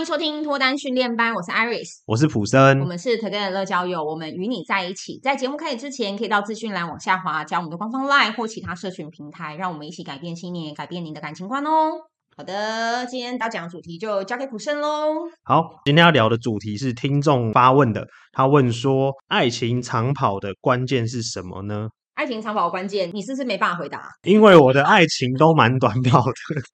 歡迎收聽脫單訓練班，我是 Iris，我是普森，我們是 Together 樂交友，我們與你在一起。在節目開始之前，可以到資訊欄往下滑，加我們的官方 LINE 或其他社群平台，讓我們一起改變信念，改變您的感情觀哦。好的，今天要講的主題就交給普森嘍。好，今天要聊的主題是聽眾發問的，他問說：愛情長跑的關鍵是什麼呢？愛情長跑的關鍵，你是不是沒辦法回答？因為我的愛情都蠻短跑的。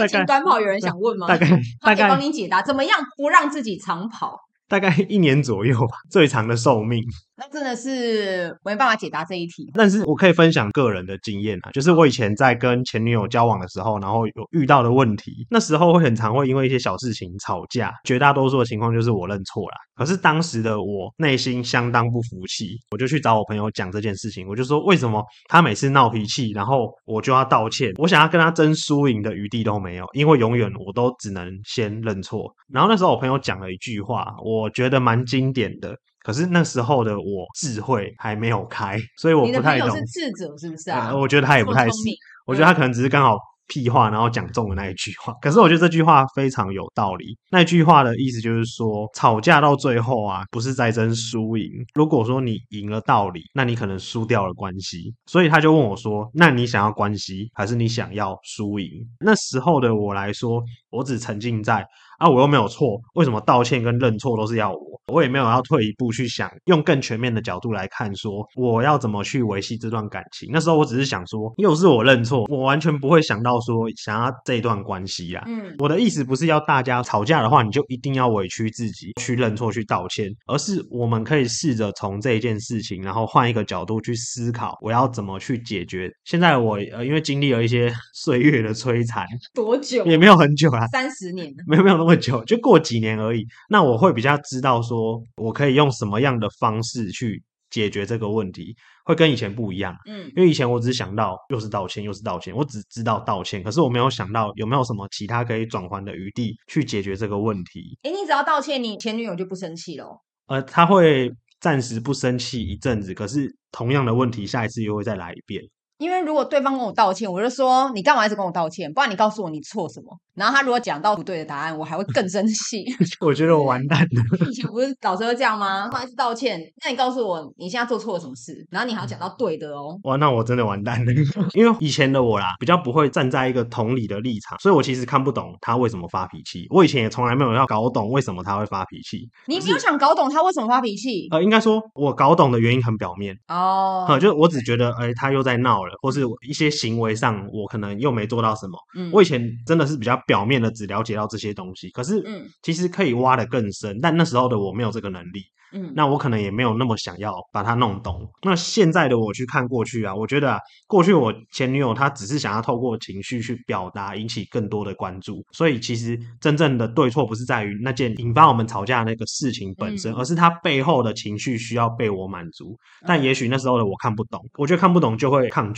愛情短跑有人想問嗎？大概，大概幫你解答，怎麼樣不讓自己長跑？大概一年左右吧，最長的壽命。那真的是沒辦法解答這一題，但是我可以分享個人的經驗啊，就是我以前在跟前女友交往的時候，然後有遇到的問題，那時候會很常會因為一些小事情吵架，絕大多數的情況就是我認錯了，可是當時的我內心相當不服氣，我就去找我朋友講這件事情，我就說，為什麼他每次鬧脾氣，然後我就要道歉，我想要跟他爭輸贏的餘地都沒有，因為永遠我都只能先認錯。然後那時候我朋友講了一句話，我覺得蠻經典的。可是那時候的我智慧還沒有開，所以我不太懂。智者是，是不是啊、嗯？我覺得他也不太聰明。我覺得他可能只是剛好屁話，然後講中的那一句話。嗯、可是我覺得這句話非常有道理。那句話的意思就是說，吵架到最後啊，不是在爭輸贏。如果說你贏了道理，那你可能輸掉了關係。所以他就問我說：“那你想要關係，還是你想要輸贏？”那時候的我來說。我只沉浸在啊，我又沒有錯，為什麼道歉跟認錯都是要我？我也沒有要退一步去想，用更全面的角度來看說，我要怎麼去維繫這段感情。那時候我只是想說，又是我認錯，我完全不會想到說想要這一段關係啊。嗯，我的意思不是要大家吵架的話，你就一定要委屈自己去認錯去道歉，而是我們可以試着從這件事情，然後換一個角度去思考，我要怎麼去解決。現在我呃，因為經歷了一些歲月的摧殘，多久也沒有很久。三十年，沒有沒有那麼久，就過幾年而已。那我會比較知道說，我可以用什麼樣的方式去解決這個問題，會跟以前不一樣。嗯，因為以前我只想到又是道歉又是道歉，我只知道道歉，可是我沒有想到有沒有什麼其他可以轉換的餘地去解決這個問題。誒，你只要道歉，你前女友就不生氣了？呃，他會暫時不生氣一陣子，可是同樣的問題下一次又會再來一遍。因為如果對方跟我道歉，我就說，你幹嘛一直跟我道歉？不然你告訴我你錯什麼？然後他如果講到不對的答案，我還會更生氣。 我覺得我完蛋了。 以前不是老是這樣嗎？他一直道歉，那你告訴我你現在做錯了什麼事？然後你還要講到對的哦。哇，那我真的完蛋了。 因為以前的我啦，比較不會站在一個同理的立場，所以我其實看不懂他為什麼發脾氣。我以前也從來沒有要搞懂為什麼他會發脾氣。你沒有想搞懂他為什麼發脾氣？呃，應該說我搞懂的原因很表面哦。好、oh,，就是我只覺得哎 okay.、欸，他又在鬧了。或是一些行為上，我可能又沒做到什麼。嗯，我以前真的是比較表面的，只了解到這些東西。可是，嗯，其實可以挖得更深，但那時候的我沒有這個能力。嗯，那我可能也沒有那麼想要把它弄懂。那現在的我去看過去啊，我覺得啊，過去我前女友她只是想要透過情緒去表達，引起更多的關注。所以，其實真正的對錯不是在於那件引發我們吵架的那個事情本身，而是她背後的情緒需要被我滿足。但也許那時候的我看不懂，我覺得看不懂就會抗拒。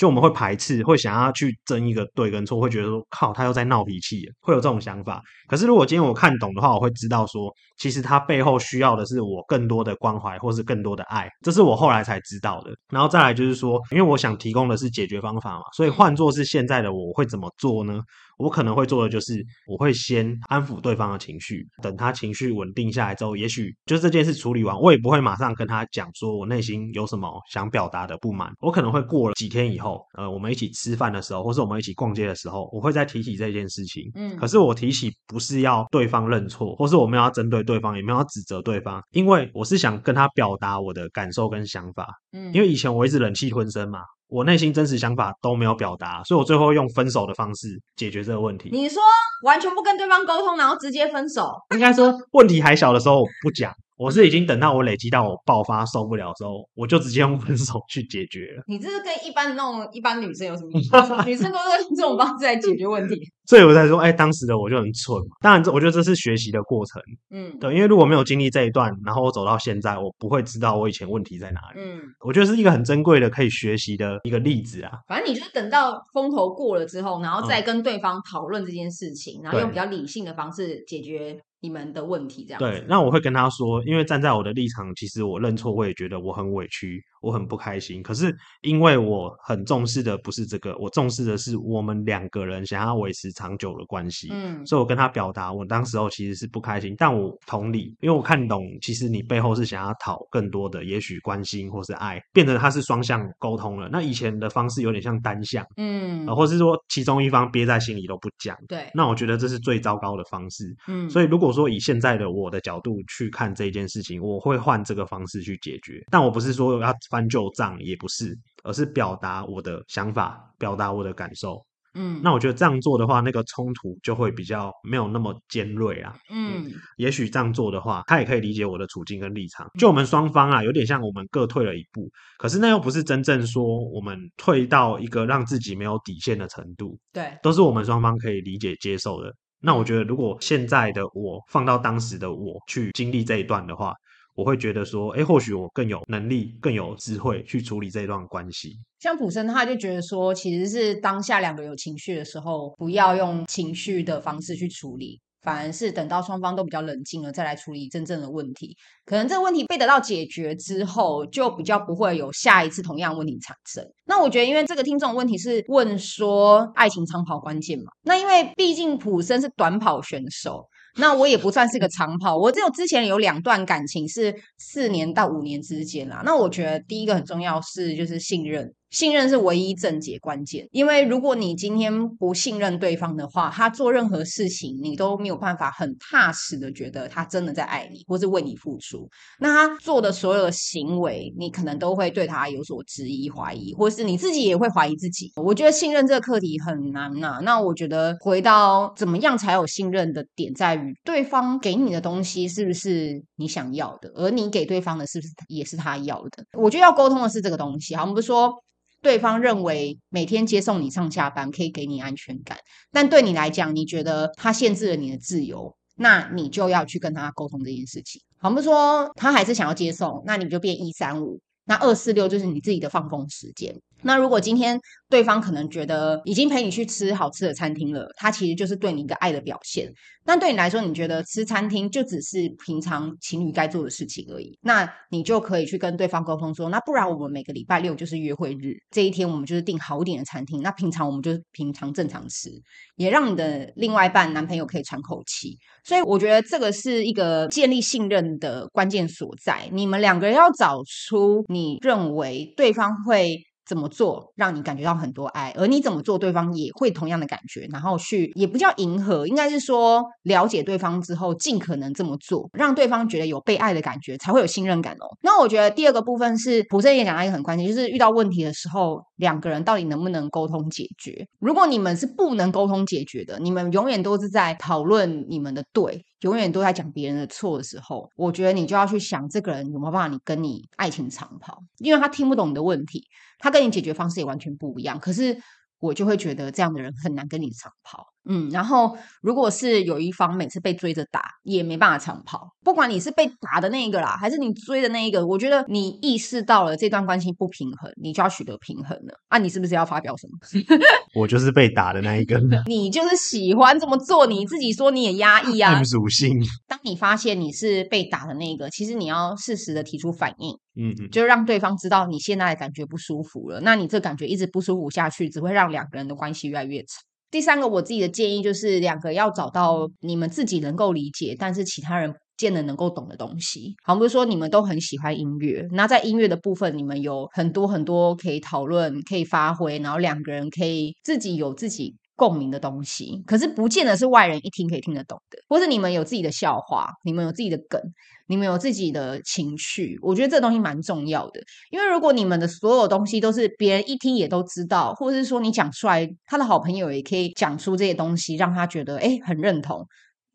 就我們會排斥，會想要去爭一個對跟錯，會覺得說靠，他又在鬧脾氣，會有這種想法。可是如果今天我看懂的話，我會知道說，其實他背後需要的是我更多的關懷，或是更多的愛，這是我後來才知道的。然後再來就是說，因為我想提供的是解決方法嘛，所以換作是現在的我，我會怎麼做呢？我可能會做的就是，我會先安撫對方的情緒，等他情緒穩定下來之後，也許就這件事處理完，我也不會馬上跟他講說我內心有什麼想表達的不滿，我可能會過了幾天以後。呃，我們一起吃飯的時候，或是我們一起逛街的時候，我會再提起這件事情。嗯，可是我提起不是要對方認錯，或是我們要針對對方，也沒有要指責對方，因為我是想跟他表達我的感受跟想法。嗯，因為以前我一直忍氣吞聲嘛。我內心真實想法都沒有表達，所以我最後用分手的方式解決這個問題。你說完全不跟對方溝通，然後直接分手？應該說，問題還小的時候不講，我是已經等到我累積到我爆發受不了的時候，我就直接用分手去解決了。你這是跟一般那種一般女生有什麼意思？ 女生都是用這種方式來解決問題？ 所以我在說，哎、欸，當時的我就很蠢嘛。當然，這，我覺得這是學習的過程。嗯，對，因為如果沒有經歷這一段，然後我走到現在，我不會知道我以前問題在哪裡。嗯，我覺得是一個很珍貴的可以學習的。一個例子啊，反正你就等到風頭過了之後，然後再跟對方討論這件事情，嗯、然後用比較理性的方式解決你們的問題，這樣。對，那我會跟他說，因為站在我的立場，其實我認錯，我也覺得我很委屈。嗯我很不開心，可是因為我很重視的不是這個，我重視的是我們兩個人想要維持長久的關係。嗯，所以我跟他表達，我當時候其實是不開心，但我同理，因為我看懂，其實你背後是想要討更多的，也許關心或是愛，變得它是雙向溝通了。那以前的方式有點像單向，嗯，啊、呃，或是說其中一方憋在心裡都不講，對，那我覺得這是最糟糕的方式。嗯，所以如果說以現在的我的角度去看這件事情，我會換這個方式去解決，但我不是說要。翻舊賬也不是，而是表達我的想法，表達我的感受。嗯，那我覺得這樣做的話，那個衝突就會比較沒有那麼尖銳啊。嗯，嗯，也許這樣做的話，他也可以理解我的處境跟立場。就我們雙方啊，有點像我們各退了一步。可是那又不是真正說我們退到一個讓自己沒有底線的程度。對，都是我們雙方可以理解接受的。那我覺得，如果現在的我放到當時的我去經歷這一段的話。我會覺得說，誒或許我更有能力、更有智慧去處理這一段關係。像普森的話，就覺得說，其實是當下兩個有情緒的時候，不要用情緒的方式去處理，反而是等到雙方都比較冷靜了，再來處理真正的問題。可能這個問題被得到解決之後，就比較不會有下一次同樣的問題產生。那我覺得，因為這個聽眾問題是問說愛情長跑關鍵嘛？那因為畢竟普森是短跑選手。那我也不算是個長跑，我只有之前有兩段感情是四年到五年之間啦，那我覺得第一個很重要是就是信任。信任是唯一症結關鍵，因為如果你今天不信任對方的話，他做任何事情你都沒有辦法很踏實的覺得他真的在愛你，或是為你付出。那他做的所有的行為，你可能都會對他有所質疑懷疑，或是你自己也會懷疑自己。我覺得信任這個課題很難吶、啊。那我覺得回到怎麼樣才有信任的點，在於對方給你的東西是不是你想要的，而你給對方的是不是也是他要的？我覺得要溝通的是這個東西。好，我們不是說。對方認為每天接送你上下班可以給你安全感，但對你來講，你覺得他限制了你的自由，那你就要去跟他溝通這件事情。好，我們說他還是想要接送，那你就變一三五，那二四六就是你自己的放風時間。那如果今天對方可能覺得已經陪你去吃好吃的餐廳了，他其實就是對你一個愛的表現。那對你來說，你覺得吃餐廳就只是平常情侶該做的事情而已，那你就可以去跟對方溝通說，那不然我們每個禮拜六就是約會日，這一天我們就是訂好一點的餐廳。那平常我們就是平常正常吃，也讓你的另外一半男朋友可以喘口氣。所以我覺得這個是一個建立信任的關鍵所在。你們兩個人要找出你認為對方會。怎麼做讓你感覺到很多愛，而你怎麼做，對方也會同樣的感覺，然後去也不叫迎合，應該是說了解對方之後，儘可能這麼做，讓對方覺得有被愛的感覺，才會有信任感哦。那我覺得第二個部分是普森也講到一個很關鍵，就是遇到問題的時候，兩個人到底能不能溝通解決？如果你們是不能溝通解決的，你們永遠都是在討論你們的對。永遠都在講別人的錯的時候，我覺得你就要去想這個人有沒有辦法你跟你愛情長跑，因為他聽不懂你的問題，他跟你解決方式也完全不一樣。可是我就會覺得這樣的人很難跟你長跑。嗯，然後如果是有一方每次被追着打，也沒辦法長跑。不管你是被打的那一個啦，還是你追的那一個，我覺得你意識到了這段關係不平衡，你就要取得平衡了。啊，你是不是要發表什麼？我就是被打的那一個。 你就是喜歡這麼做，你自己說你也壓抑啊，自主性。當你發現你是被打的那個，其實你要適時的提出反應，嗯嗯，就讓對方知道你現在的感覺不舒服了。那你這感覺一直不舒服下去，只會讓兩個人的關係越來越差。第三個我自己的建議就是，兩個要找到你們自己能夠理解，但是其他人不見得能夠懂的東西。好，比如說你們都很喜歡音樂，那在音樂的部分，你們有很多很多可以討論、可以發揮，然後兩個人可以自己有自己。共鳴的東西，可是不見得是外人一聽可以聽得懂的。或是你們有自己的笑話，你們有自己的梗，你們有自己的情緒，我覺得這東西蠻重要的。因為如果你們的所有東西都是別人一聽也都知道，或者是說你講出來，他的好朋友也可以講出這些東西，讓他覺得，誒，欸，很認同。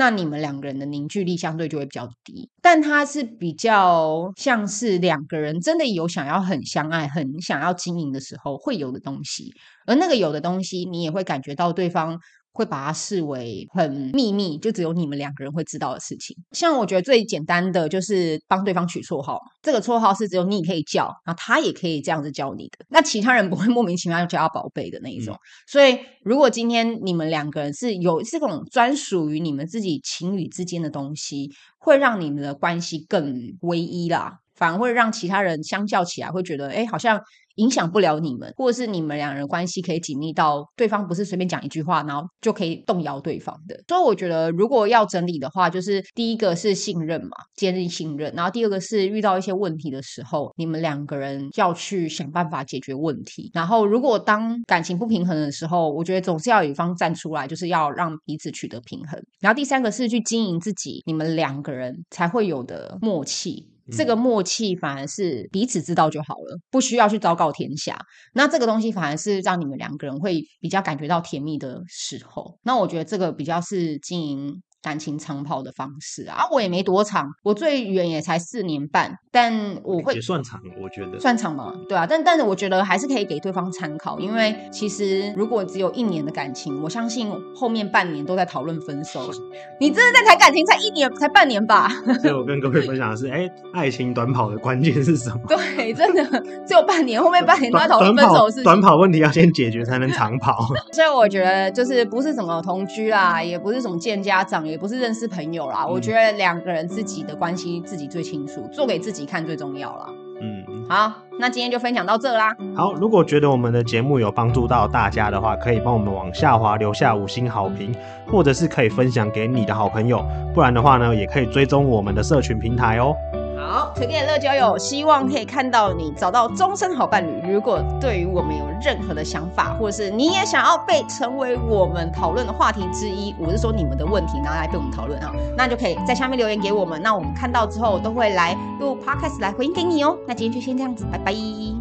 那你們兩個人的凝聚力相對就會比較低，但它是比較像是兩個人真的有想要很相愛、很想要經營的時候會有的東西，而那個有的東西，你也會感覺到對方。會把它視為很秘密，就只有你們兩個人會知道的事情。像我覺得最簡單的就是幫對方取綽號，這個綽號是只有你可以叫，然後他也可以這樣子叫你的。那其他人不會莫名其妙叫他寶貝的那一種。嗯，所以如果今天你們兩個人是有這種專屬於你們自己情侶之間的東西，會讓你們的關係更唯一啦，反而會讓其他人相較起來會覺得，哎，好像。影響不了你們，或者是你們兩人關係可以緊密到對方不是隨便講一句話，然後就可以動搖對方的。所以我覺得，如果要整理的話，就是第一個是信任嘛，建立信任，然後第二個是遇到一些問題的時候，你們兩個人要去想辦法解決問題。然後如果當感情不平衡的時候，我覺得總是要有一方站出來，就是要讓彼此取得平衡。然後第三個是去經營自己，你們兩個人才會有的默契。這個默契反而是彼此知道就好了，不需要去昭告天下。那這個東西反而是讓你們兩個人會比較感覺到甜蜜的時候。那我覺得這個比較是經營。感情長跑的方式啊，我也沒多長，我最遠也才四年半，但我會也算長，我覺得算長嘛，對啊，但但是我覺得還是可以給對方參考，因為其實如果只有一年的感情，我相信後面半年都在討論分手，是你真的在談感情才一年才半年吧？所以我跟各位分享的是， 哎，愛情短跑的關鍵是什麼？對，真的只有半年，後面半年都在討論分手是短，短，短跑問題要先解決才能長跑， 所以我覺得就是不是什麼同居啦、啊，也不是什麼見家長。也不是認識朋友啦，嗯、我覺得兩個人自己的關係自己最清楚，做給自己看最重要了。嗯，好，那今天就分享到這啦。好，如果覺得我們的節目有幫助到大家的話，可以幫我們往下滑留下五星好評，或者是可以分享給你的好朋友，不然的話呢，也可以追蹤我們的社群平台哦、喔。好，Together 樂交友，希望可以看到你找到終身好伴侶。如果對於我們有任何的想法，或者是你也想要被成為我們討論的話題之一，我是說你們的問題然後來跟我們討論啊，那就可以在下面留言給我們，那我們看到之後都會來錄 Podcast 來回應給你哦。那今天就先這樣子，拜拜。